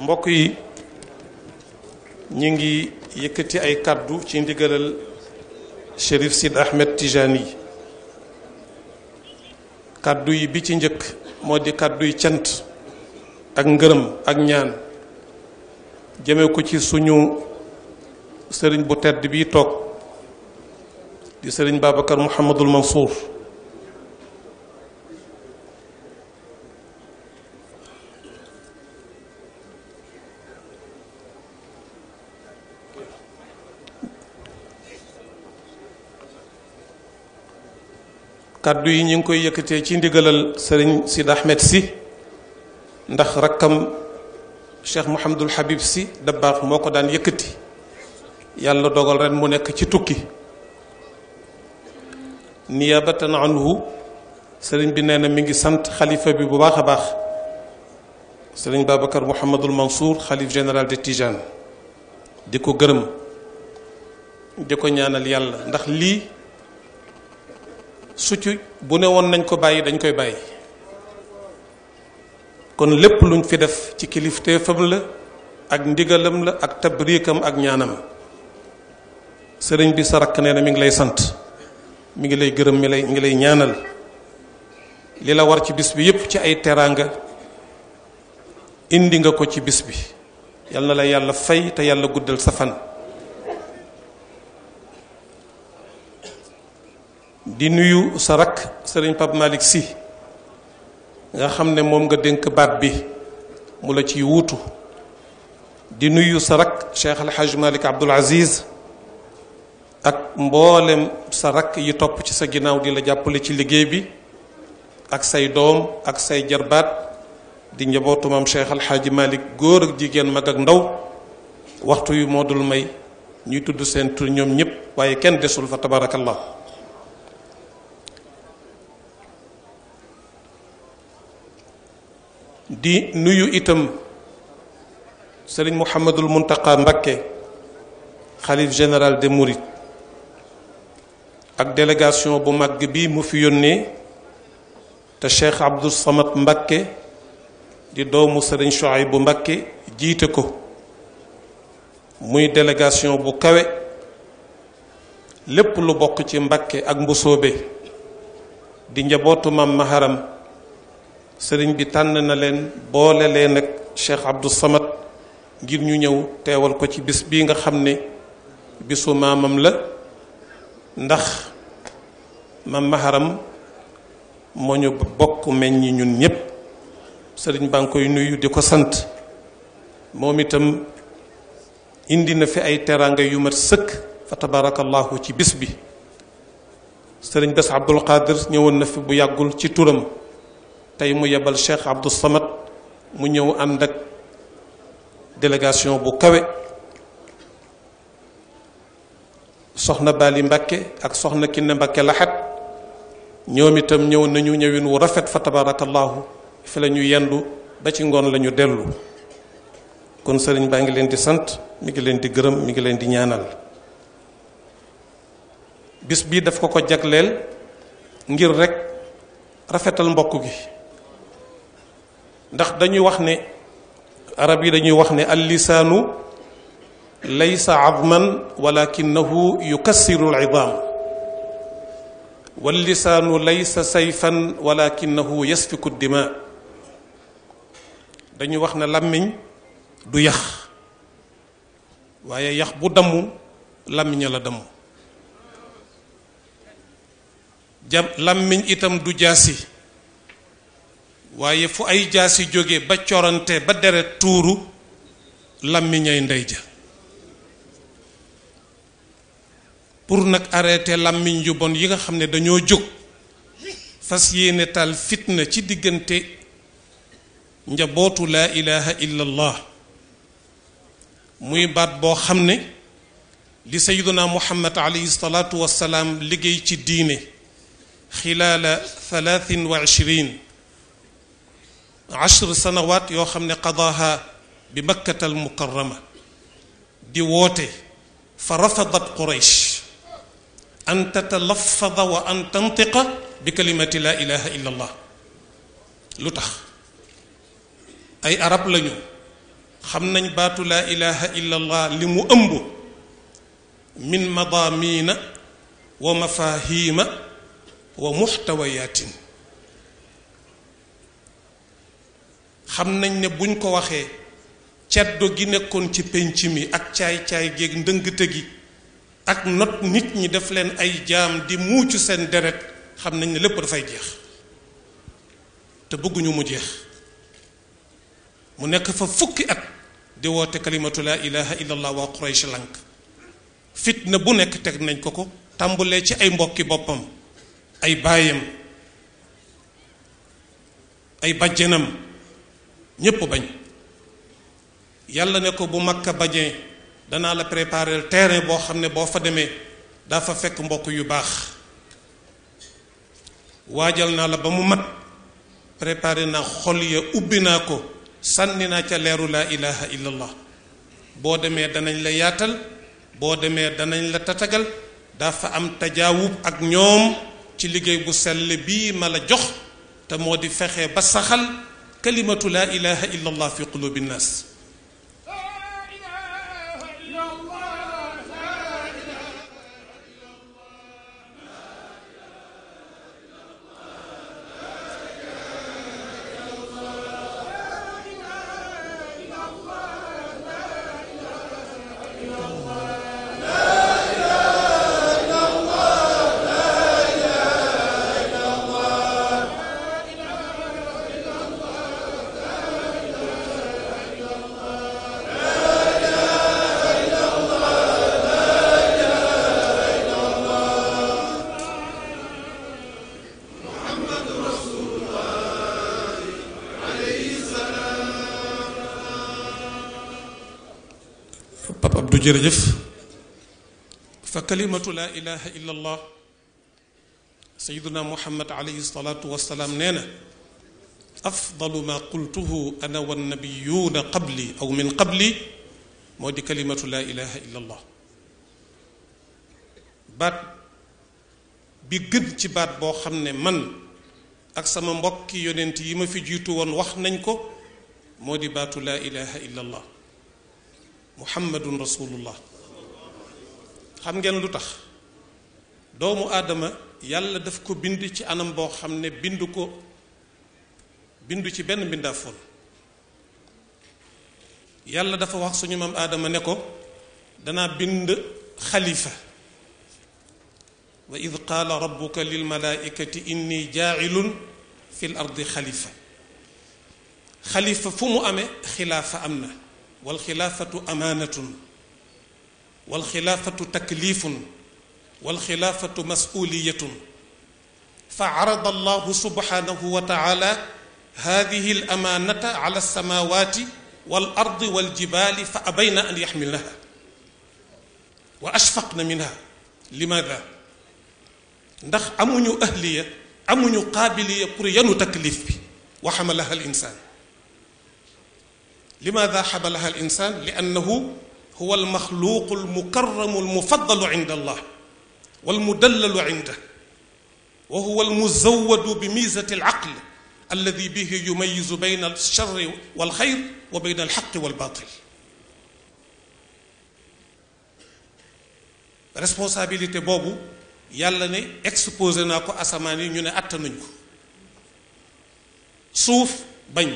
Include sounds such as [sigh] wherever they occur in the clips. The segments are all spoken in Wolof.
mbokk yi ñu ngi yëkkati ay kàddu ci ndigalal Chérif Sid Ahmed Tijani yi kàddu yi bi ci njëkk moo di kàddu yi cant ak ngërëm ak ñaan jëme ko ci suñu sëriñ bu tedd bi toog di sëriñ Babacar Mouhamadul Mansour kaddu yi ñu ngi koy yëkkatee ci ndigalal sëriñ Sid Ahmed si ndax rakkam cheikh Mouhamadul Habib si dabbaax moo ko daan yëkkati yàlla dogal ren mu nekk ci tukki niyabatan anhu sëriñ bi nee na mi ngi sant xalifa bi bu baax a baax sëriñ Babacar Mouhamadul Mansour xalif général de Tijane di ko gërëm di ko ñaanal yàlla ndax lii. su ci bu ne woon nañ ko bàyyi dañ koy bàyyi kon lépp luñ fi def ci kilifteefam la ak ndigalam la ak tabriikam ak ñaanam sëriñ bi sa rakk nee na mi ngi lay sant mu ngi lay gërëm mi lay ngi lay ñaanal li la war ci bis bi yépp ci ay teraanga indi nga ko ci bis bi yal na la yàlla fay te yàlla guddal safan di nuyu sa rak sëriñ Pape Malick si nga xam ne moom nga dénk baat bi mu la ciy wuutu di nuyu sa rak Cheikh El Hadj Malick Aziz ak mboolem sa rakk yi topp ci sa ginnaaw di la jàppale ci liggéey bi ak say doom ak say jarbaat di njabootu maam Cheikh El Hadj góor ak jigéen mag ak ndaw waxtu yu moo dul may ñuy tudd seen tur ñoom ñëpp waaye kenn desul fa tabarakallah di nuyu itam sëriñ Mouhamadul Mountakha Mbakke xalif général de Mourides ak délégation bu mag bi mu fi yónnee te Cheikh Abdou Samad Mbakke di doomu sëriñ bu Mbakke jiite ko muy délégation bu kawe lépp lu bokk ci Mbakke ak Mbusoobe di njabootu mam maharam sëriñ bi tànn na leen boole leen ak Cheikh Abdou Samad ngir ñu ñëw teewal ko ci bis bii nga xam ne bisu maamam la ndax mam maharam moo ñu bokk meññi ñun ñépp sëriñ baa ngi koy nuyu di ko sant moom itam indi na fi ay teraanga yu mat sëkk fa tabarakallahu ci bis bi sëriñ Bass Abdou Khadre ñëwoon na fi bu yàggul ci turam tey mu yebal Cheikh Abdou Samad mu ñëw ànd ak délégation bu kawe soxna Bali Mbakke ak soxna Kiné Mbakke Laxat ñoom itam ñëw nañu ñëwin wu rafet fa tabarakallahu fi la ñu yendu ba ci ngoon lañu ñu dellu kon sëriñ baa ngi leen di sant mi ngi leen di gërëm mi ngi leen di ñaanal bis bii daf ko ko jagleel ngir rekk rafetal mbokk gi ndax dañuy wax ne arab yi dañuy wax ne al lisaanu laysa azman walakinahu yukassiru al idam wal lisaanu laysa sayfan walakinahu yasfiku dima dañuy wax ne làmmiñ du yax waaye yax bu damu làmmiña la damu jam làmmiñ itam du jaasi waaye fu ay jaasi jóge ba corante ba deret tuuru làmmiñay ndey ja pour nag arrêter làmmiñ yu bon yi nga xam ne dañoo jóg fas yéene taal fitna ci diggante njabootu laa ilaha illa muy baat boo xam ne li sayiduna muhammad alayhi salaatu wassalaam liggéey ci diine xilaala thalathin wa عشر سنوات يو خمني قضاها بمكة المكرمة دي ووتي فرفضت قريش أن تتلفظ وأن تنطق بكلمة لا إله إلا الله لطخ أي أراب لنيو خمنا نبات لا إله إلا الله لمؤمب من مضامين ومفاهيم ومحتويات xam nañ ne buñ ko waxee caddo gi nekkoon ci penc mi ak caay-caay géeg ndëngte gi ak not nit ñi def leen ay jaam di muucu seen deret xam nañ ne lépp dafay jeex te bëgguñu mu jeex mu nekk fa fukki at di woote kalimatu laa ilaha illa allah waa quraysh lank fitna bu nekk teg nañ ko ko tàmbulee ci ay mbokki boppam ay baayam ay bàjjenam ñépp bañ yàlla ne ko bu makka bañee danaa la préparer terrain boo xam ne boo fa demee daa fekk mbokk yu baax waajal naa la ba mu mat préparer naa xol ya ubbi naa ko sànni naa ca leeru laa ilaha illallah boo demee danañ la yaatal boo demee danañ la tatagal dafa am tajaawub ak ñoom ci liggéey bu sell bii ma la jox te moo di fexe ba saxal كلمة لا إله إلا الله في قلوب الناس جرجف فكلمة لا إله إلا الله سيدنا محمد عليه الصلاة والسلام نينا أفضل ما قلته أنا والنبيون قبلي أو من قبلي مودي كلمة لا إله إلا الله بات بيجد تبات بو خمنا من أكسام مبكي يوننتي يما في جيتو وان مودي بات لا إله إلا الله muhammadun rasulullah xam ngeen lu tax doomu aadama yàlla daf ko bind ci anam boo xam ne bind ko bind ci benn mbindaafoon yàlla dafa wax suñu maam aadama ne ko danaa bind xalifa wa id qaala rabbuka lilmalaikati inni jaacilun fi l ardi xalifa xalifa fu mu amee xilaafa am na والخلافة أمانة والخلافة تكليف والخلافة مسؤولية فعرض الله سبحانه وتعالى هذه الأمانة على السماوات والأرض والجبال فأبين أن يحملنها وأشفقن منها لماذا؟ نخ amuñu أهلية amuñu قابلية pour تكليف وحملها الإنسان لماذا حبلها الإنسان لأنه هو المخلوق المكرم المفضل عند الله والمدلل عنده وهو المزود بميزة العقل الذي به يميز بين الشر والخير وبين الحق والباطل responsabilité bobu yàlla ne exposé nako asamani ñu ne àttanuñ ko souf bañ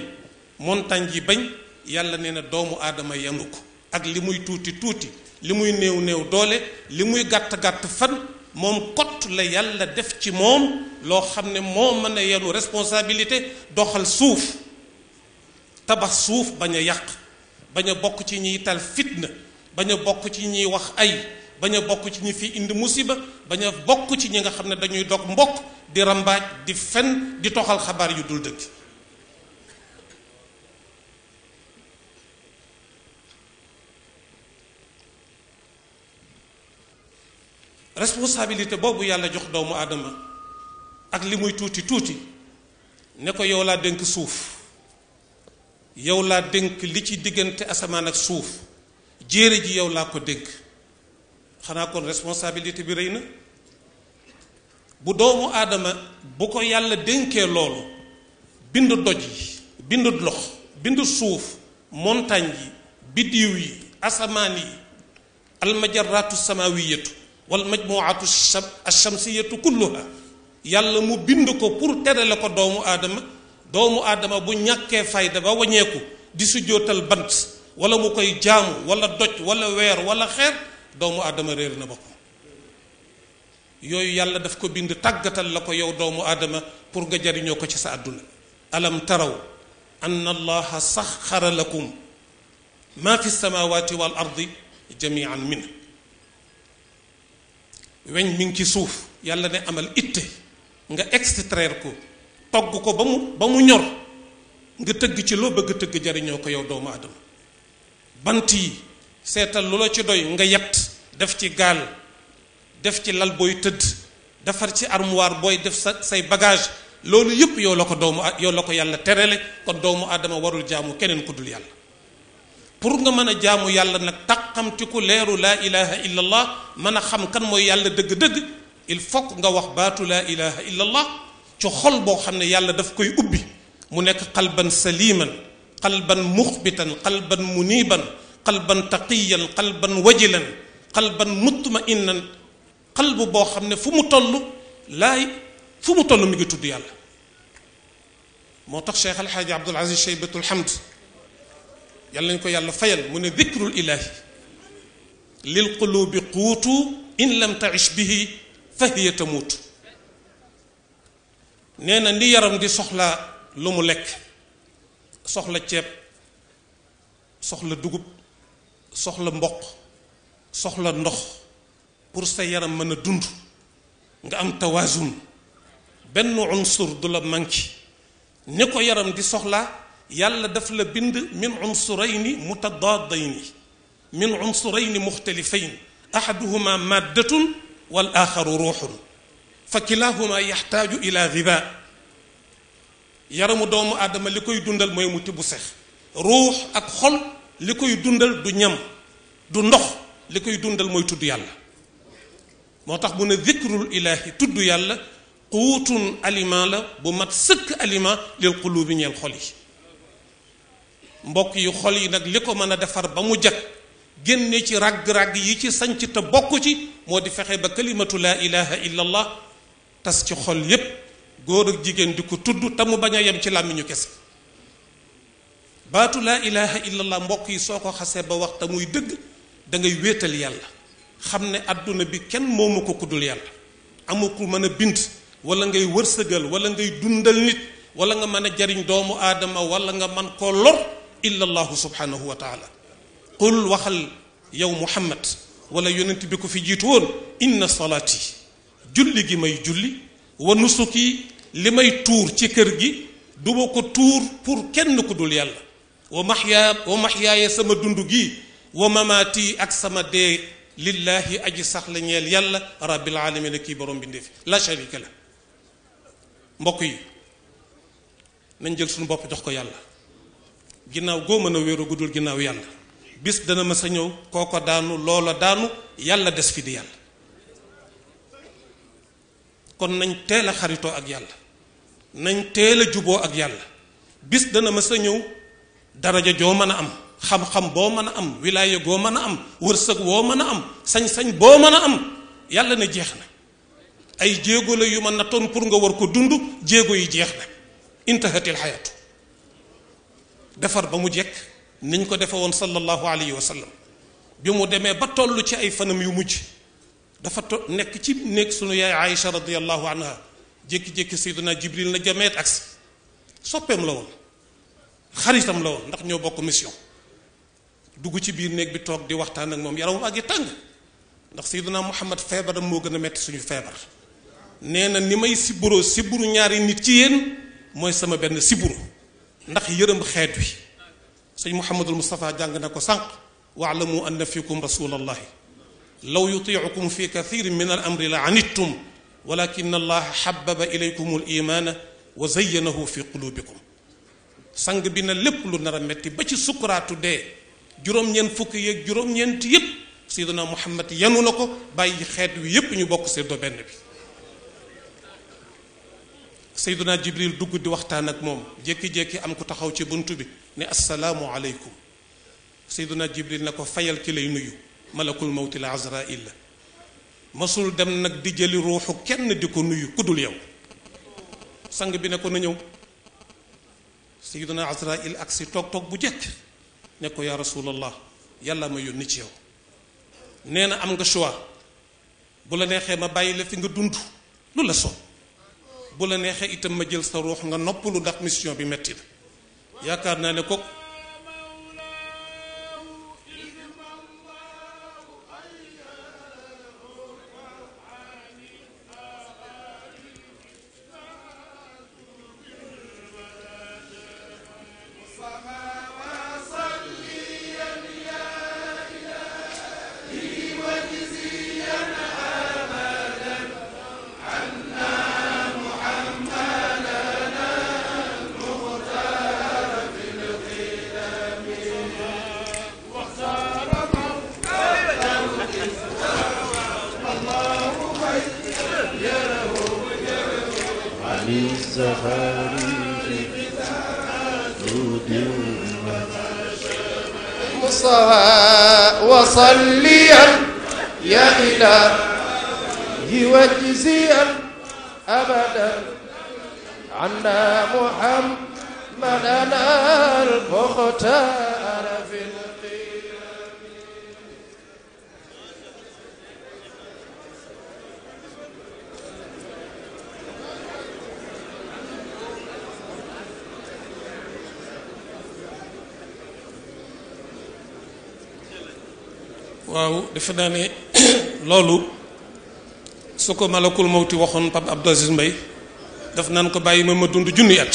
montagne yi bañ yàlla nee na doomu aadama yenu ko ak li muy tuuti tuuti li muy néew néew doole li muy gàtt gàtt fan moom kott la yàlla def ci moom loo xam ne moo mën a yenu responsabilité doxal suuf tabax suuf bañ a yàq bañ a bokk ci ñiy tal fitna bañ a bokk ci ñiy wax ay bañ a bokk ci ñi fi indi musiba bañ a bokk ci ñi nga xam ne dañuy dog mbokk di rambaaj di fen di toxal xabaar yu dul dëgg responsabilité boobu yàlla jox doomu aadama ak li muy tuuti tuuti ne ko yow laa dénk suuf yow laa dénk li ci diggante asamaan ak suuf jéere ji yow laa ko dénk xanaa kon responsabilité bi rey na bu doomu aadama bu ko yàlla dénkee loolu bind doj yi bind lox bind suuf montagne yi biddiw yi asamaan yi almajaratu samawiyatu والمجموعه الشمسيه كلها يالا مو بيند كو بور تيرال كو دومو ادم دومو ادم بو نياكي فايده با وانيكو دي سوجوتال بنت ولا مو كاي جام ولا دوج ولا وير ولا خير دومو ادم رير نبقى يوي يالا داف كو بيند تاغاتال يو دومو ادم بور غا جارينيو كو سا الم تروا ان الله سخر لكم ما في السماوات والارض جميعا منه weñ mi ngi ci suuf yàlla ne amal itte nga extraire ko togg ko ba mu ba mu ñor nga tëgg ci loo bëgg tëgg jariñoo ko yow doomu aadama bant yi seetal lu la ci doy nga yett def ci gaal def ci lal booy tëdd defar ci armoire booy def sa say bagage loolu yëpp yow la ko doomu yow la ko yàlla terale kon doomu aadama warul jaamu keneen ku dul yàlla pour nga mën a jaamu yàlla nag ku leeru laa ilaha illa allah mën a xam kan mooy yàlla dëgg-dëgg il faut nga wax baatu laa ilaha illa allah ci xol boo xam ne yàlla daf koy ubbi mu nekk qalban saliman qalban muxbitan qalban muniban qalban taqiyan qalban wajilan qalban mutmainan qalb boo xam ne fu mu toll laay fu mu toll mi ngi tudd yàlla moo tax cheikh alxaaji abdul aziz cheybatul hamd يلا نكو يلا فيل من ذكر الإله للقلوب قوت إن لم تعش به فهي تموت نينا ني دي سخلا لوم لك تيب سخلا دوغوب سخلا مبق سخلا نخ pour sa من dund nga am tawazun عنصر دولا manki ne ko yaram di يلا دفل بند من عنصرين متضادين من عنصرين مختلفين أحدهما مادة والآخر روح فكلاهما يحتاج إلى غذاء يرمو دوم آدم لكي دندل ميموتي بسخ روح أكخل لكي دندل دنيم دندخ لكي دندل ميتو ديالة موتاخ بون ذكر الاله تدو يالا قوت الايمان بمت سك للقلوب ني الخليش mbokk yi xol yi nag li ko mën a defar ba mu jag génne ci ràgg-ràgg yi ci sanc te bokk ci moo di fexe ba kalimatu laa ilaha illa allah tas ci xol yépp góor ak jigéen di ko tudd te mu bañ a yam ci làmmiñu kese baatu laa ilaha illa mbokk yi soo ko xasee ba wax te muy dëgg da ngay wéetal yàlla xam ne àdduna bi kenn moomu ko kuddul yàlla amu ko mën a bind wala ngay wërsëgal wala ngay dundal nit wala nga mën a jariñ doomu aadama wala nga man koo lor الا الله سبحانه وتعالى قل وخل يوم محمد ولا ينتي بك في جيتون ان صلاتي جولي جي ماي جولي ونسكي لماي تور تي كيرغي دوبوكو تور بور كين كودول يالا ومحيا يا سما دوندوغي ومماتي اك سما دي لله اجي صح لا نيل يالا رب العالمين كي بروم بنديف لا شريك له مبوكي نان جيل سونو بوب جوخ يالا ginnaaw goo mën a wéeru guddul ginnaaw yàlla bis dana mës a ñëw kooko daanu loola daanu yàlla des fi di yàlla kon nañ teel a xaritoo ak yàlla nañ teel a juboo ak yàlla bis dana mës a ñëw daraja joo mën a am xam-xam boo mën a am wilaaya goo mën a am wërsëg woo mën a am sañ-sañ boo mën a am yàlla na jeex na ay jéego la yu ma nattoon pour nga war ko dund jéego yi jeex na intahatil xayatu defar ba mu jek niñ ko defewon sallallahu alayhi wa sallam bi mu deme ba tollu ci ay fanam yu mujj dafa nek ci nek sunu yaay aisha radiyallahu anha jek jek sayyidina jibril na jameet aks soppeem la won kharitam la won ndax ño bokk mission dugg ci biir nek bi tok di waxtan ak mom yaraw waa tàng ndax sayyidina muhammad febar mo gëna metti suñu febar neena nimay siburo siburu ñaari nit ci yéen moy sama ben sibburu ndax yërëm xeet wi sëñ muhammadul mustapha jàng na ko sànq waalamu anna fikum rasulallahi law yutiicukum fi kathirin min alamri la anittum walakin allah xababa ilaykum alimaana wa zayyanahu fi qulubikum sang bi na lépp lu nar a metti ba ci sukuraatu dee juróom-ñeent fukk yeeg juróom-ñeent yépp sidina muhammad yanu na ko bàyyi xeet wi yépp ñu bokk séddoo benn bi سيدنا جبريل دوك دي وقتان اك موم جيكي جيكي ام كو تخاو سي بونتو بي ني السلام عليكم سيدنا جبريل نكو فايال كي لي نويو ملك الموت العزرائيل مسول دم نك دي جيلي روحو كين ديكو نويو كودول ياو سانغ بي نكو نيو سيدنا عزرائيل اكسي توك توك بو جيك نكو يا رسول الله يلا ما يوني تي ياو نينا ام غا شوا بولا نيهي ما بايي فيغا دوندو لولا سو bu la neexee itam ma jël sa ruux nga noppalu ndax mission bi metti la yaakaar naa ne ko waaw defe naa ne [clears throat] loolu su ko malakul mawti waxoon Pape Abdou Aziz Mbaye daf naan ko bàyyi ma ma dund junni at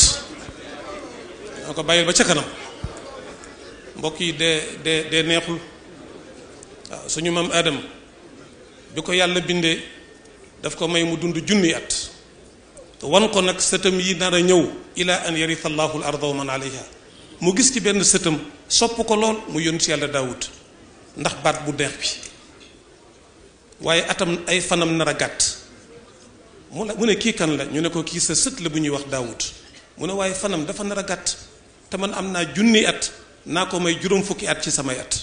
naa ko bàyyil ba ca kanam mbokk yi dee dee dee neexul suñu maam aadam bi ko yàlla bindee daf ko may mu dund junni at wan ko nag sëtam yi nar a ñëw ila an yarith allahu al arda wa man alayha mu gis ci benn sëtam sopp ko lool mu yónni si yàlla daawut ndax baat bu neex bi waaye atam ay fanam nar a gàtt mu la mu ne kii kan la ñu ne ko kii sa sët la bu ñuy wax wut mu ne waaye fanam dafa nar a gàtt te man am naa junni at naa ko may juróom fukki at ci samay at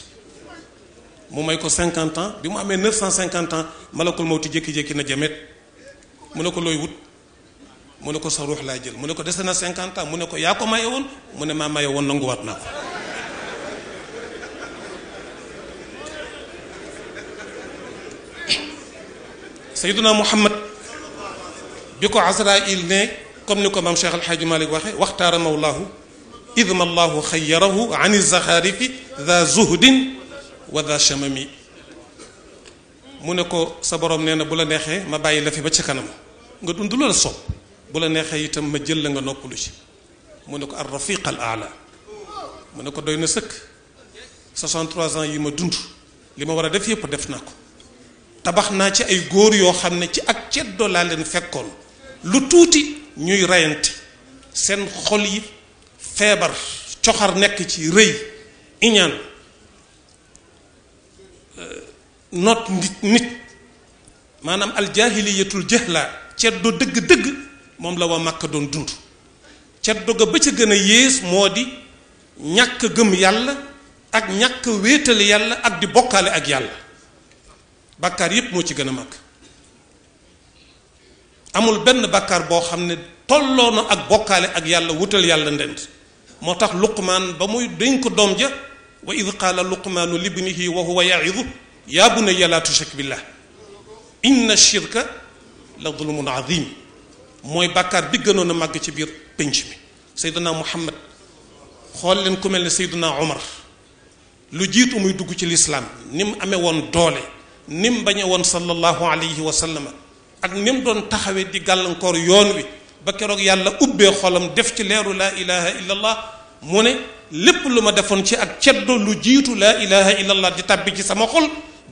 mu may ko cinquante ans bi mu amee neuf cent cinquante ans malakul mawti jékki-jékki na jamet mu ne ko looy wut mu ne ko sa ruux laa jël mu ne ko dese na cinquante ans mu ne ko yaa ko maye woon mu ne maa maye woon nanguwaat naa ko سيدنا محمد بيكو عزرائيل ني كوم نيكو مام شيخ الحاج مالك واخي واختار مولاه اذم الله خيره عن الزخارف ذا زهد وذا شمم مونيكو سا بوروم نينا بولا نيهي ما باي لا في با تي كانم nga dundul la sop bu la nexe itam ma jël la nga nopplu ci mu ne ko ar rafiq al a'la mu ne ko doyna seuk 63 ans yi ma dund li ma wara def yep def nako tabax naa ci ay góor yoo xam ne ci ak ceddo laa leen fekkoon lu tuuti ñuy reyante seen xol yi feebar coxar nekk ci rëy iñaan euh, noot nit nit maanaam aljahiliyatul jëla ceddo dëgg-dëgg moom la waa Makka doon dund ceddo ga ba ca gën a yées moo di ñàkk gëm yàlla ak ñàkk wéetal yàlla ak di bokkaale ak yàlla bakkaar yépp moo ci gën a mag amul benn bakkaar boo xam ne tolloo na ak bokkaale ak yàlla wutal yàlla ndend moo tax luqmaan ba muy dañ ko doom ja wa id qaala luqmaanu libnihi wa huwa yaidu yaa bunayya laa tushrik billah inna shirka la zulmun azim mooy bàkkaar bi gënoon a màgg ci biir pénc mi sayduna muhammad xool leen ku mel ne sayduna omar lu jiitu muy dugg ci lislaam ni mu amee woon doole nim bañe woon sallallahu alayhi wa sallam ak nim doon taxawe di gàllankoor yoon wi ba keroog yàlla ubbee xolam def ci leeru laa ilaha illallah mu ne lépp lu ma defoon ci ak ceddo lu jiitu laa ilaha illallah di tàbbi ci sama xol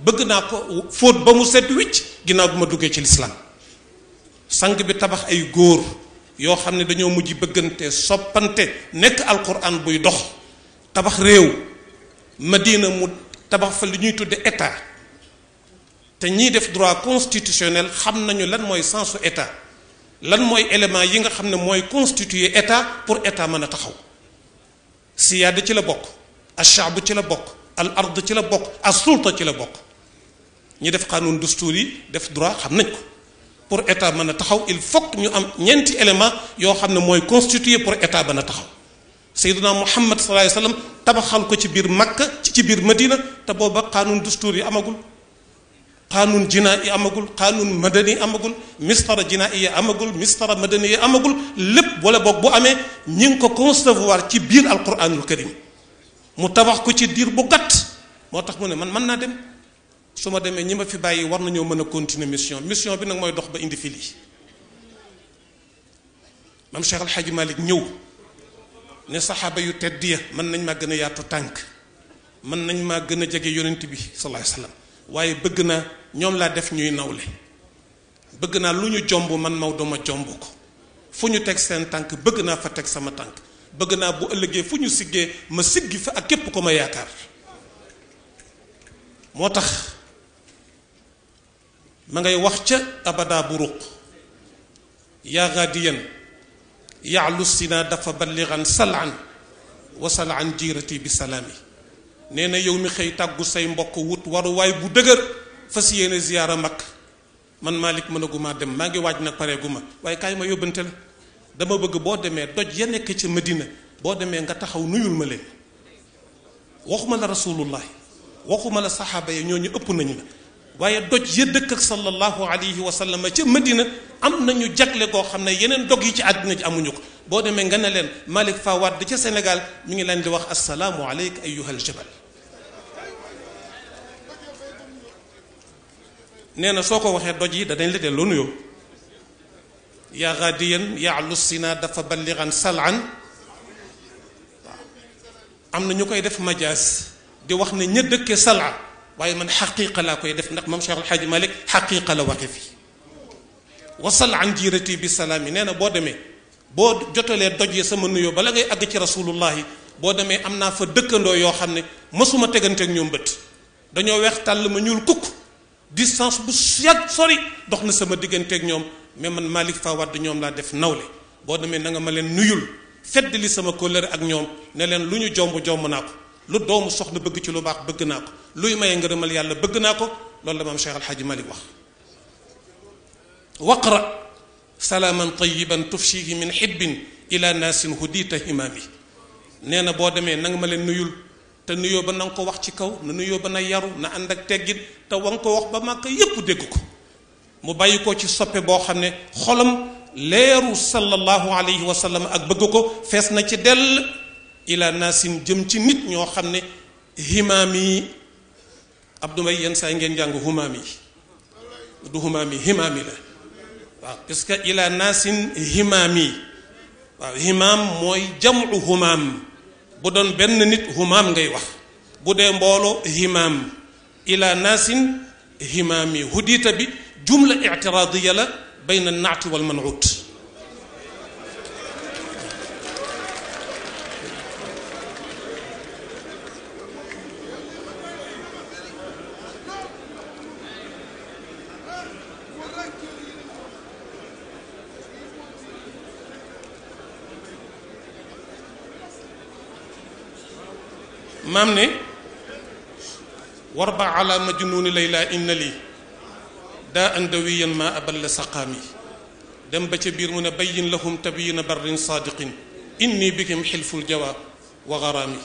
bëgg naa ko fóot ba mu set wicc ginnaaw bi ma duggee ci lislaam sang bi tabax ay góor yoo xam ne dañoo mujj bëggante soppante nekk alquran buy dox tabax réew madina mu tabax fa li ñuy tudde état te ñi def droit constitutionnel xam nañu lan moy sens état lan moy élément yi nga xamne moy constituer état pour état mëna taxaw siyad ci la bokk ashaabu ci la bok al ard ci la bok as sulta ci la bok ñi def qanun dusturi def droit xam nañ ko pour état mëna taxaw il faut ñu am ñenti élément yo xamne moy constituer pour état mën taxaw سيدنا محمد صلى الله عليه وسلم تبخل ci biir makka ci biir madina te booba xanuun dustuur yi amagul قانون جنائي امغول قانون مدني امغول مستر جنائي امغول مستر مدني امغول لب ولا بوك بو امي نينكو كو كونسيفوار تي بير القران الكريم مو تابخ كو تي دير بو غات موتاخ مون من من نا ديم سوما ديمي نيما في باي ورنا نيو مانا كونتيني ميسيون ميسيون بي نك موي دوخ با اندي فيلي مام شيخ الحاج مالك نيو ني صحابه يو تديه من نان ما غنا ياتو تانك من نان ما غنا جيغي يونتي بي صلى الله عليه وسلم waaye bëgg na ñoom laa def ñuy nawle bëgg naa lu ñu jomb man maw dama jomb ko fu ñu teg seen tànk bëgg naa fa teg sama tànk bëgg naa bu ëllëgee fu ñu siggee ma siggi fa ak képp ko ma yaakaar moo tax ma ngay wax ca abada buruq yaa gaadiyan yaalu sina dafa balligan salan wasal an jiirati bi salaami neena yow mi xëy tàggu say mbokk wut waru way bu deugar fas yéene ziyaara mag man malik managuma dem maa waj nak nag pareeguma waaye kaay ma yóbbante la dama bëgg bo démé doj ya nek ci Medina bo démé nga taxaw nuyul ma leen waxuma la rasulullah waxuma la sahaba ye ñoo ñu ëpp nañu la waye doj ya dëkk ak sallallahu alayhi wa sallam ci Medina am nañu jagle go xamné yenen dog yi ci aduna ci amuñu ko bo démé nga ne leen Malick Fawad ci Sénégal mi ngi leen di wax assalamu alayka ayyuhal jabal nee na soo ko waxee doj yi danañ la delloo nuyoo yaa xaadiyan yaa lusina dafa balliran salan waaw am na ñu koy def majaas di wax ne ña dëkkee sala waaye man xaqiqa laa koy def ndax moom Cheikh El Hadj Malick xaqiqa la waxee fii wasal an jiirati bi salaam yi nee na boo demee boo jotalee doj yi sama nuyoo bala ngay àgg ci rasulullahi boo demee am naa fa dëkkandoo yoo xam ne mësuma teganteeg ñoom bët dañoo weex tàll ma ñuul kukk distance bu yàgg sori dox na sama digganteeg ñom mais man malik Fawad de ñom la def nawle bo demé na nga ma leen nuyul fedd li sama colère ak ñom ne len luñu jombu jom jomb lu doomu soxna bëgg ci lu baax bëgg naa luy maye ngeureumal yàlla bëgg naa ko loolu la mam Cheikh al hadji malik wax waqra salaman tayyiban tufshihi min hibbin ila nasin hudita himami neena bo demé na nga ma leen nuyul te nuyoo ba nan ko wax ci kaw na nuyoo ba na yaru na ànd ak teggin te wa nga ko wax ba màkk yépp dégg ko mu bàyyi ko ci soppe boo xam ne xolam leeru sallallahu alayhi wa ak bëgg ko fees na ci dell ila naasin jëm ci nit ñoo xam ne himaam yi abdu may yenn ngeen jàng humaam yi du humaam yi himaam yi la waaw parce que naasin himaam yi waaw himaam mooy jamu humaam بدون بن نت همام غي وح بدون بولو همام إلى ناس همامي هديت بي جملة اعتراضية بين النعت والمنعوت maam ne warba ala majnuni layla inna lii daa andawiyan ma aballa saqaami dem ba ca biir mu ne bayyin lahum tabyina barrin saadiqin inni bikim xilful jawa wa garaami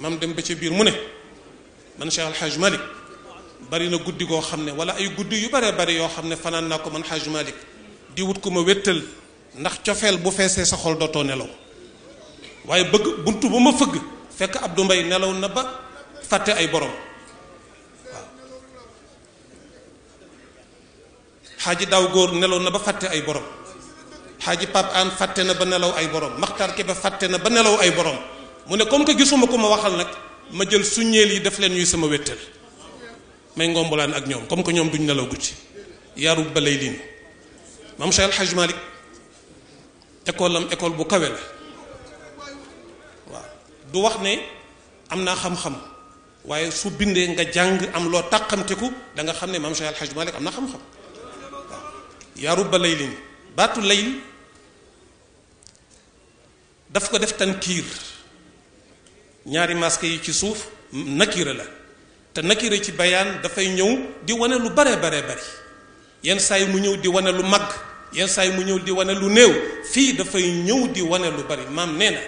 maam dem ba ca biir mu ne man Cheikh Al Hadj Malick bari na guddi goo xam ne wala ay guddi yu bare bari yoo xam ne fanaan naa ko man Hadj Malick di wut ku ma wéttal ndax cofeel bu feesee sa xol dootoo nelaw waaye bëgg buntu bu ma fëgg fekk Abdou mbay nelaw na ba fàtte ay borom haji daw gor nelaw na ba fàtte ay borom haji pap An fàtte na ba nelaw ay borom ke ba fàtte na ba nelaw ay borom mune ne comme que gisuma ko ma waxal nak ma jël suñel yi def len yu sama wettel may ngombolan ak ñom comme que ñom duñ nelaw gucci yarub ba lay mam maam Cheikh El Hadj école école bu kawe du wax ne am naa xam-xam waaye su bindee nga jàng am loo tàqamteku da nga xam ne maam Cheikh Al Hadj Malick am na xam-xam ya rubba laylin baatu layl daf ko def tankiir ñaari masque yi ci suuf nakira la te nakira ci bayaan dafay ñëw di wane lu bare bare bare yenn saa mu ñëw di wane lu mag yenn saa mu ñëw di wane lu néew fii dafay ñëw di wane lu bari maam nee na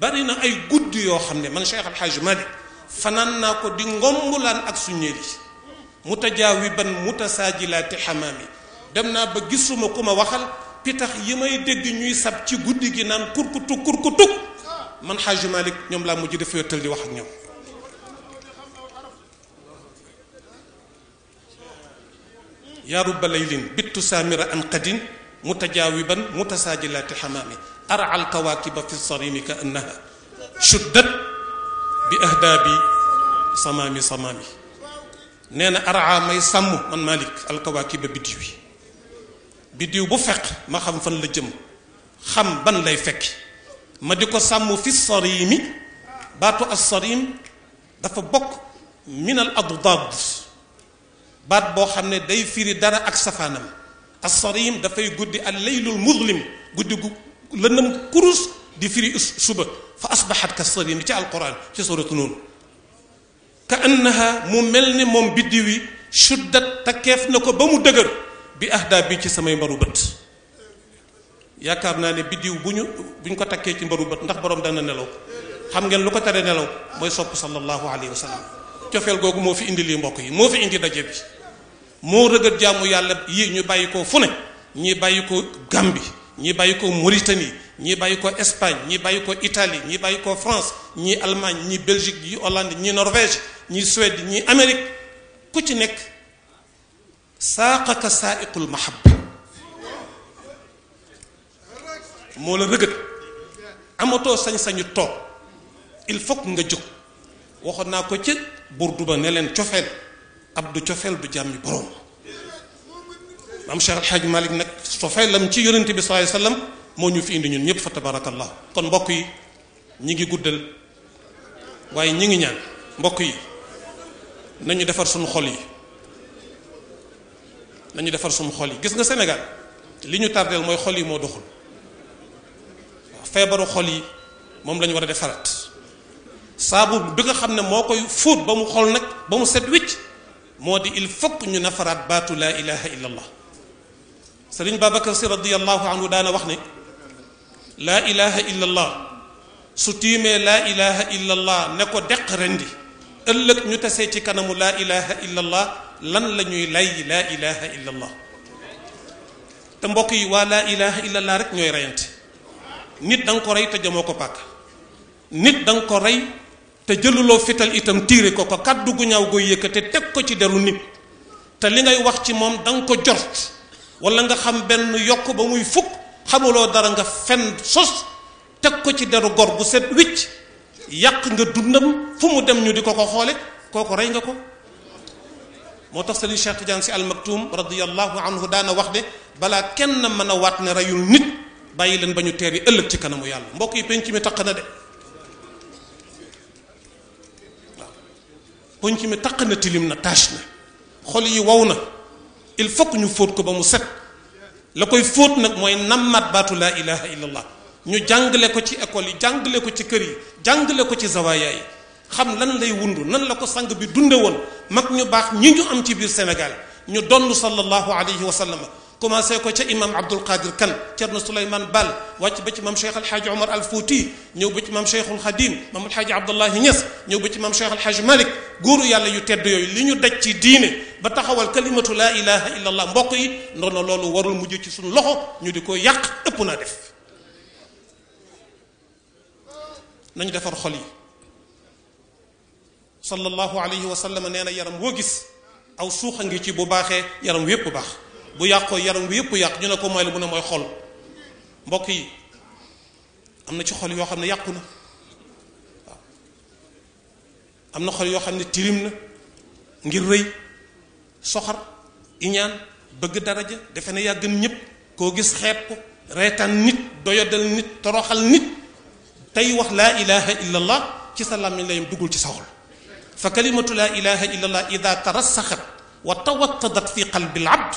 bari na ay gudd yoo xam ne man cheikh alxaaj malik fanaan naa ko di ngombulaan ak suñeeli mutajaawiban mutasaajilaati xamaami dem naa ba gisuma ku ma waxal pitax yi may dégg ñuy sab ci guddi gi naan kurkutuk kurkutuk man xaaj malik ñoom laa mujj dafa yottal di wax ak ñoom yaa rubba laylin bittu saamira an qadin mutajaawiban mutasaajilaati xamaami أرعى الكواكب في الصريم كأنها شدت بأهداب صمام صمامي نانا أرعى ما يسمو من مالك الكواكب بديوي بديو بفق ما خم فن لجم خم بن لي فك ما ديكو سمو في الصريم باتو الصريم دفع بوك من الأضداد بات بو xam ne day firi dara ak safaanam assarim dafay guddi al leylul lëndëm kurus di firi suba fa asbaxat ka sarimi ci alquran ci suratu noonu ka annaha mu mel ni moom biddiw yi suddat takkeef na ko ba mu dëgër bi ahda bi ci samay mbaru bët yaakaar naa ne biddiw bu ñu bu ñu ko takkee ci mbaru bët ndax borom dana nelaw xam ngeen lu ko tere nelaw mooy sopp sallallahu alayhi wa sallam cofeel googu moo fi indi lii mbokk yi moo fi indi daje bi moo rëgët jaamu yàlla yi ñu bàyyi ko fu ne ñii bàyyi ko Gàmbi ñi bayiko Mauritanie ñi bayiko Espagne ñi bayiko Italie ñi bayiko France ñi Allemagne ñi Belgique ñi Hollande ñi Norvège ñi Suède ñi Amérique ku ci nek saqaka sa'iqul mahabba mo la reugut amato sañ-sañu tok il faut nga juk waxoon naa ko ci burdu ba ne leen tiofel ab du du jàmmi borom mam Cheikh Al Hadj malik nak fa fay lam ci yoonte bi sallallahu alayhi wasallam mo ñu fi indi ñun ñëpp fa tabarakallah kon mbokk yi ñi ngi guddal waye ñi ngi ñaan mbokk yi nañu defar suñu xol yi nañu defar suñu xol yi gis nga Sénégal li ñu tardel moy xol yi mo doxul febaru xol yi mom lañu wara defarat sabu bi nga xamne mo koy fóot ba mu xol nak ba mu set wicc modi il faut ñu nafarat baatu laa ilaha illallah سرين بابك رضي الله عنه دانا وحنا لا إله إلا الله ستيم لا إله إلا الله نكو دق رندي ألك نتسيت كنم لا إله إلا الله لن لن يلي لا إله إلا الله تنبوكي ولا إله إلا الله رك نوي رينت نيت دان كوري تجمو كو نيت دان كوري تجلو لو فتال إتم تيري كو كو كادو غنياو غو يكتي تكو تي درو نيت تلين غي جورت wala nga xam benn yokk ba muy fukk xamuloo dara nga fen sos teg ko ci deru gor gu set wicc yàq nga dundam fu mu dem ñu di ko ko xoole kooku rey nga ko moo tax sëriñ Cheikh Tidiane si almaktum radiallahu anhu daana wax de balaa kenn mën a waat ne rayul nit bàyyi leen ba ñu teer yi ëllëg ci kanamu yàlla mbokk yi penc mi taq na de waaw penc mi taq na tilim na tache na xol yi wow na il faut que ñu fóot ko ba mu set la koy fóot nag mooy nammat baatu la ilaha illallah ñu jàngale ko ci école yi jàngale ko ci kër yi jàngale ko ci zawaaya yi xam lan lay wundu nan la ko sang bi dunde woon mag ñu baax ñi ñu am ci biir Sénégal ñu donn sallallahu alayhi wa sallam commencé ko ci imam abdul qadir kan cerno sulayman bal wàcc ba ci mam cheikh hajj omar al fouti ñëw ba ci mam al khadim mam hajj abdullah ñes ñëw ba ci mam cheikh hajj malik guru yàlla yu tedd yoy li ñu daj ci diine ba taxawal kalimatu la ilaha illa allah mbokk yi ndono lolu warul mujj ci suñu loxo ñu diko yàq ëpp na def nañu defar xol yi sallallahu alayhi wa sallam neena yaram wo gis aw suuxa ngi ci bu baxé yaram wépp bax bu yàqoo yaram bi yëpp yàq ñu ne ko mooy la mu ne mooy xol mbokk yi am na ci xol yoo xam ne yàqu na waaw am na xol yoo xam ne tirim na ngir rëy soxar iñaan bëgg daraja defe ne yaa ñëpp koo gis xeeb ko reetaan nit doyodal nit toroxal nit tey wax laa ilaha illa allah ci sa làmmiñ la ci sa xol fa kalimatu laa ilaha illa allah ida tarassaxat wa tawattadat fi qalbi al abd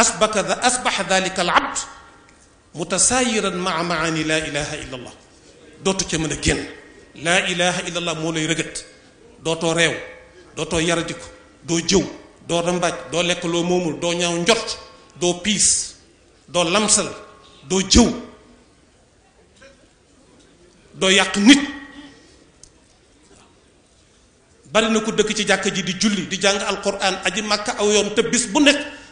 أصبح, ذلك العبد متسايرا مع معاني لا إله إلا الله دوتو كمنا جن لا إله إلا الله مولي رغت دوتو ريو دوتو يردكو دو جو دو رمباج دو لكلو مومو دو نياو نجوت دو بيس دو لمسل دو جو دو يق نيت بارينا كو دك سي دي جولي دي جانغ القران اجي مكه او يوم تبس بو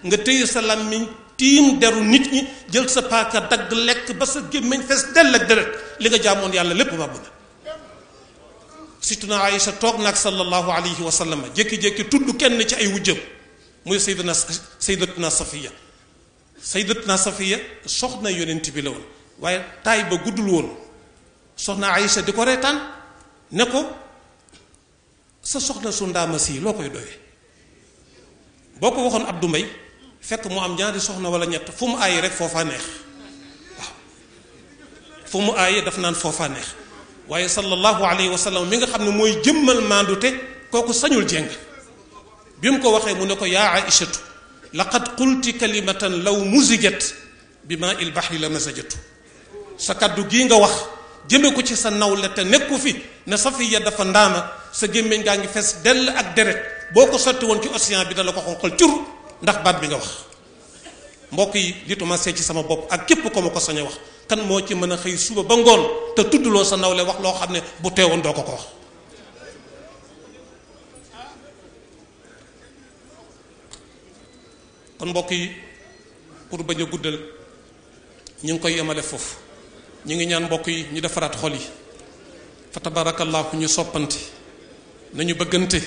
nga téye sa làmmiñ tiim deru nit ñi jël sa paaka dagg lekk ba sa gémmiñ fees dell ak deret li nga jaamoon yàlla lépp màbb na surtout na Aïcha toog naag sallallahu alayhi wa sallam jékki-jékki tudd kenn ci ay wujjam muy saydatuna saydatuna Safiya saydatuna Safiya soxna yonent bi waaye taay ba guddul woon soxna Aïcha di ko ne ko sa soxla su ndaama loo koy doyee boo ko waxoon Abdou Mbaye fekk mu am ñaari soxna wala ñett fu mu aaye rek foofa neex fu mu aaye daf naan foofa neex waaye sallallahu alayhi wa sallam mi nga xam ne mooy jëmmal mandute kooku sañul jeng bi mu ko waxee mu ne ko yaa aishatu laqad qulti kalimatan law muzijat bi ma il bahri la masajatu sa kaddu gii nga wax jëme ko ci sa nawle te nekku fi ne safiya dafa ndaama sa gémmeñ gaa ngi fes dell ak deret boo ko sotti woon ci océan bi dala ko xonqal cur ndax baat bi nga wax mbokk yi li tumasee ci sama bopp ak képp ko ma ko sañ a wax kan moo ci mën a xëy suba ba ngoon te tuddloo sa nawle wax loo xam ne bu teewoon doo ko ko wax kon mbokk yi pour bañ a guddal ñu ngi koy yemale foofu ñu ngi ñaan mbokk yi ñu defaraat xol yi fa tabarakallahu ñu soppante nañu bëggante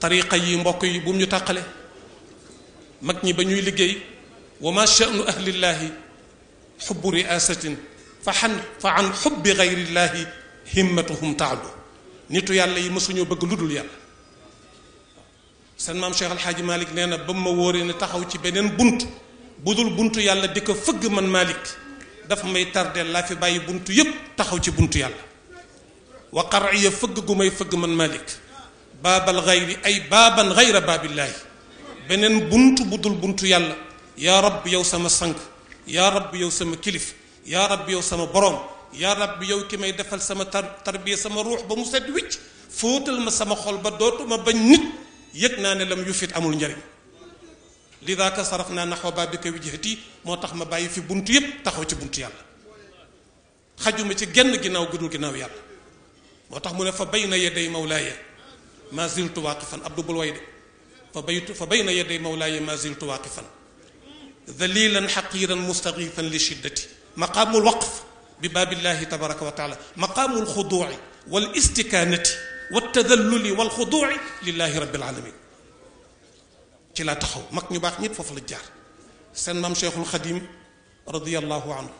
tariqa yi mbokk yi bu ñu tàqale مك ني با وما شان اهل الله حب رئاسه فحن فعن حب غير الله همتهم تعلو نيتو يالا يي مسوني بغ يالا سن شيخ الحاج مالك نينا بم ووري ني تاخاو سي بنين بونت بودول بونت يالا ديكو فغ من مالك داف مي تاردل لا في باي بونت يب تاخاو سي بونت يالا وقرعي فغ غومي فغ من مالك باب الغير اي بابا غير باب الله benen buntu budul buntu yàlla ya rab yow sama sank ya rab yow sama kilif ya rab yow sama borom ya rab yow ki may defal sama tarbiya sama ruh ba mu set wicc fóotal ma sama xol ba dootuma bañ nit yek naa ne lam yufit amul njari lidha ka sarafna nahwa babika bi motax ma bàyyi fi buntu yépp taxaw ci buntu yàlla xajuma ci genn ginaaw gudul ginaaw yàlla motax mu ne fa bayna yaday mawlaya mawlaaya ma ziltu waaqifan abdu bul فبين يدي مولاي ما زلت واقفا ذليلا حقيرا مستغيثا لشدتي مقام الوقف بباب الله تبارك وتعالى مقام الخضوع والاستكانة والتذلل والخضوع لله رب العالمين كي لا تخو مك ني باخ نيت فوف سن مام شيخ الخديم رضي الله عنه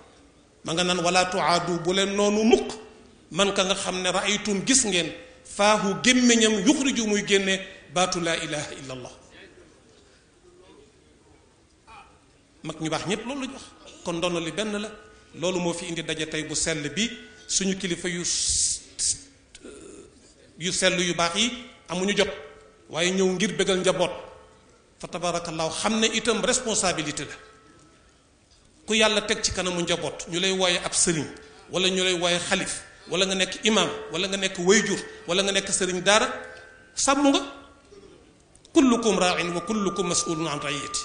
ما نان ولا تعادوا بولن نونو مك من كان خا خمن رايتوم غيس فاهو گيمنيم يخرجو موي گيني baatu laa ilaha illa allah mag ñu baax ñëpp loolu la ñu wax kon ndono li benn la loolu moo fi indi daje tey bu sell bi suñu kilifa yu yu sell yu baax yi amuñu jot waaye ñëw ngir bégal njaboot fa tabarakallahu xam ne itam responsabilité la ku yàlla teg ci kanamu njaboot ñu lay wooye ab sëriñ wala ñu lay wooye xalif wala nga nekk imam wala nga nekk wayjur wala nga nekk sëriñ daara sàmm nga كلكم راع وكلكم مسؤول عن رعيته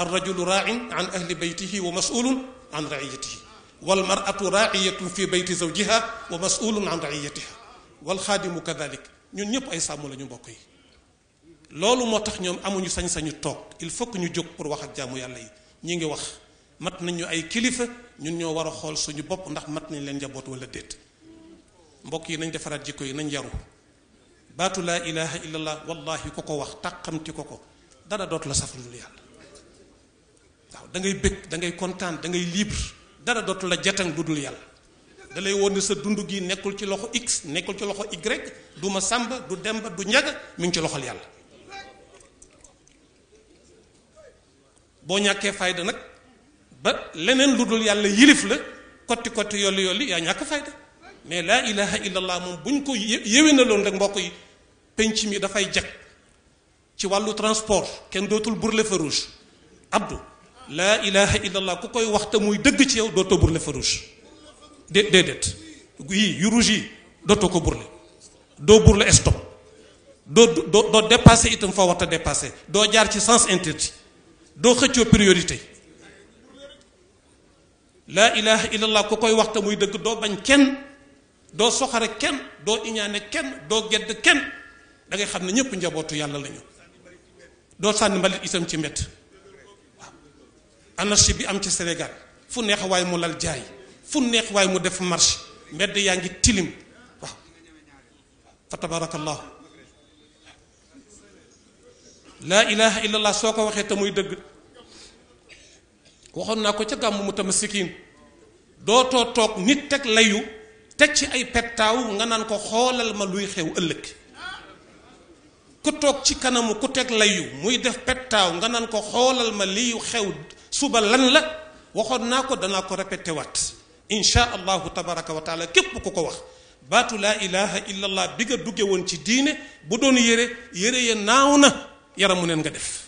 الرجل راع عن أهل بيته ومسؤول عن رعيته والمرأة راعية في بيت زوجها ومسؤول عن رعيتها والخادم كذلك ñun ñëpp ay sàmm la ñu mbokk yi loolu moo tax ñoom amuñu sañ-sañu toog il faut que ñu jóg pour wax ak jaamu yàlla yi ñi ngi wax mat nañu ay kilifa ñun ñoo war a xool suñu bopp ndax mat nañ leen njaboot wala déet mbokk yi nañ defaraat jikko yi nañ yaru baatu laa ilaha illallah wallahi ko ko wax tàqamti ko ko dara dootu la saf lu dul yàlla waaw da ngay bëgg da ngay kontaan da ngay libre dara dootu la jatang lu dul yàlla dalay lay sa dund gi nekkul ci loxo x nekkul ci loxo y du ma sàmba du demba du njaga mi ngi ci loxol yàlla boo ñàkkee fayda nag ba leneen lu dul yàlla yilif la kotti kotti yolli yolli yaa ñàkk fayda mais laa ilaha illallah moom bu ñu ko yéwénaloon rek mbokk yi penc mi dafay jek ci walu transport ken dotul burle fa rouge abdou la ilaha illallah ku koy wax ta muy deug ci yow doto burle fa rouge dé déedéet yi yu rouge yi dootoo ko burle do burle stop do do doo dépassé itam foo wata dépasser do jaar ci sens interdit do xëccio priorité la ilaha illallah ku koy wax ta muy deug do bañ ken do soxare ken do iñane ken do gedd ken da ngay xamne ñëpp njabootu yàlla lañu do sànni mbalit isam ci met waaw anarchie bi am ci Sénégal fu neex way mu lal jaay fu neex way mu def marche medd yaa ngi tilim waaw fa tabarakallah la ilaha illa allah soko waxe te muy deug waxon nako ci gam gàmm mu tama sikiin dootoo tok nit tek layu tek ci ay pettaw nga nan ko xolal ma luy xew ëllëg ku toog ci kanamu ku teg layu muy def pettaaw nga naan ko xoolal ma liyu xew suba lan la waxoon naa ko danaa ko répété waat insha allahu tabaraka wa taala képp ku ko wax baatu laa ilaha illa allah bi nga dugge woon ci diine bu doon yére yére ya naaw na yaramu neen nga def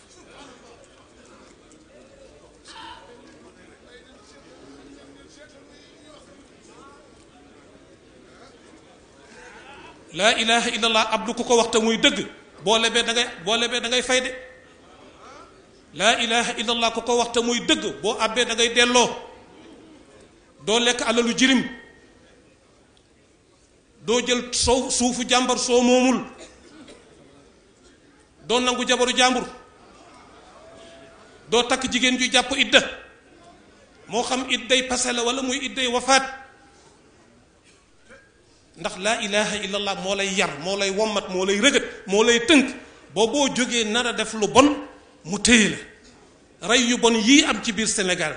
laa ilaha illa allah abdu ku ko wax te muy dëgg boo lebee da ngay boo lebee da ngay fay de laa ilaha illallah ku ko wax te muy dëgg boo àbbee dangay delloo doo lekk alalu jirim doo jël soo suufu jàmbar soo moomul doo nangu jabaru jàmbur doo takk jigéen ju jàpp idda moo xam idday pase la wala muy idday wafaat ndax la ilaha illallah mo lay yar mo lay womat mo lay rëgët mo lay teunk bo bo joge nara def lu bon mu téye ray yu bon yi am ci bir sénégal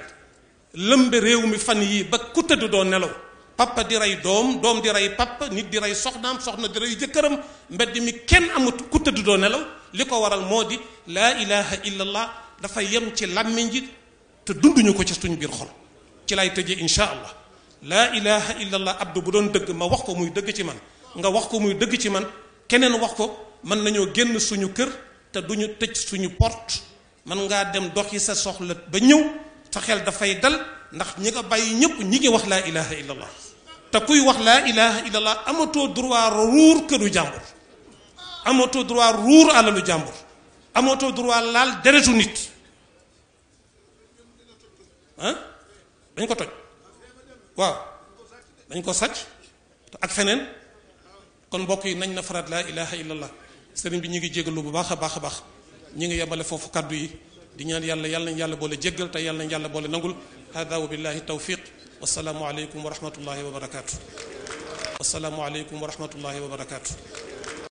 lëmbe rew mi fan yi ba ku teddu do nelaw papa di ray dom dom di ray papa nit di ray soxnaam soxna di ray jeukeram mbeddi mi ken amut ku teddu do nelaw liko ko waral moo di laa ilaha illallah fay yam ci làmmiñ ji te dunduñu ko ci suñu bir xol ci lay teje inshallah laa ilaha illallah abdu bu doon dëgg ma wax ko muy dëgg ci man nga wax ko muy dëgg ci man keneen wax ko mën nañoo génn suñu kër te duñu tëj suñu porte mën ngaa dem dox yi sa soxla ba ñëw sa xel dafay dal ndax ñi nga bàyyi ñëpp ñi ngi wax laa ilaha illallah te kuy wax laa ilaha illallah amatoo droit ruur këru jàmbur amatoo droit ruur alalu jàmbur amatoo droit laal deretu nit dañ ko toj waaw dañ ko sàcc ak feneen kon mbokk yi nañ na faraat laa ilaha illallah sëriñ bi ñu ngi jégalu bu baax a baax a baax ñu ngi yemale foofu kaddu yi di ñaan yàlla yàlla nañ yàlla boole jéggal te yàlla nañ yàlla boole nangul hada wa billahi tawfiq wasalaamu aleykum wa rahmatullahi wa barakatu wasalaamu aleykum wa rahmatullahi wa barakatu